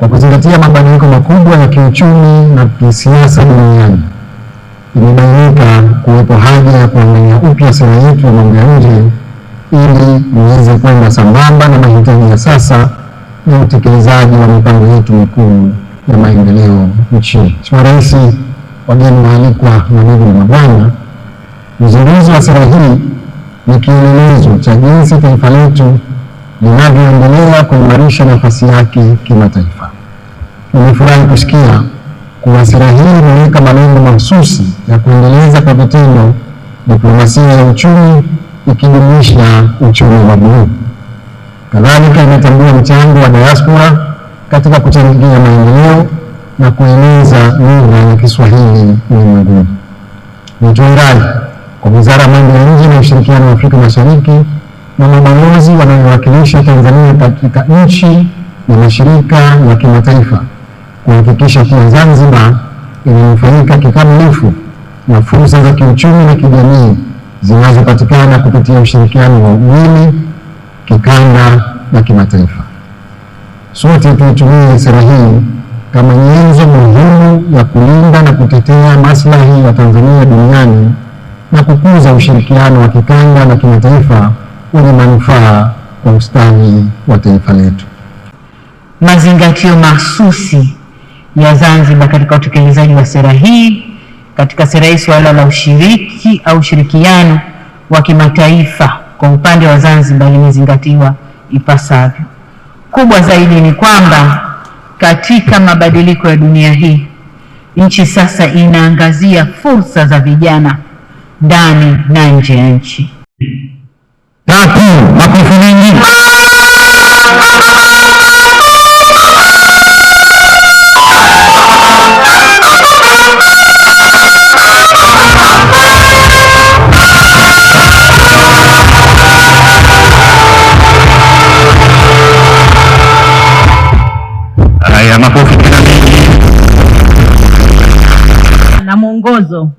kwa kuzingatia mabadiliko makubwa ya kiuchumi na kisiasa duniani, imebainika kuwepo haja ya kuangalia upya sera yetu ya mambo ya nje ili niweze kwenda sambamba na mahitaji ya sasa na utekelezaji wa mipango yetu mikuu ya maendeleo nchini. Mheshimiwa Rais, wageni waalikwa, ndugu na mabwana, uzinduzi wa sera hii ni kielelezo cha jinsi taifa letu linavyoendelea kuimarisha nafasi yake kimataifa. Nimefurahi kusikia kuwa sera hii imeweka malengo mahususi ya kuendeleza kwa vitendo diplomasia ya uchumi ikijumuisha uchumi wa buluu. Kadhalika, imetambua mchango wa diaspora katika kuchangia maendeleo na kueneza lugha ya Kiswahili ulimwenguni. Nitoe rai kwa Wizara ya Mambo ya Nje na Ushirikiano wa Afrika Mashariki na mabalozi wanayowakilisha Tanzania katika nchi na mashirika ya kimataifa kuhakikisha kuwa Zanzibar inanufaika kikamilifu na fursa za kiuchumi na kijamii zinazopatikana kupitia ushirikiano wa umini kikanda na kimataifa. Sote tuitumie sera hii kama nyenzo muhimu ya kulinda na kutetea maslahi ya Tanzania duniani na kukuza ushirikiano wa kikanda na kimataifa wenye manufaa kwa ustawi wa taifa letu. Mazingatio mahsusi ya Zanzibar katika utekelezaji wa sera hii. Katika sera hii suala la ushiriki au ushirikiano wa kimataifa kwa upande wa Zanzibar limezingatiwa ipasavyo. Kubwa zaidi ni kwamba katika mabadiliko ya dunia hii nchi sasa inaangazia fursa za vijana ndani na nje ya nchi. Tatu, makofi mengi. Haya, makofi mengi na mwongozo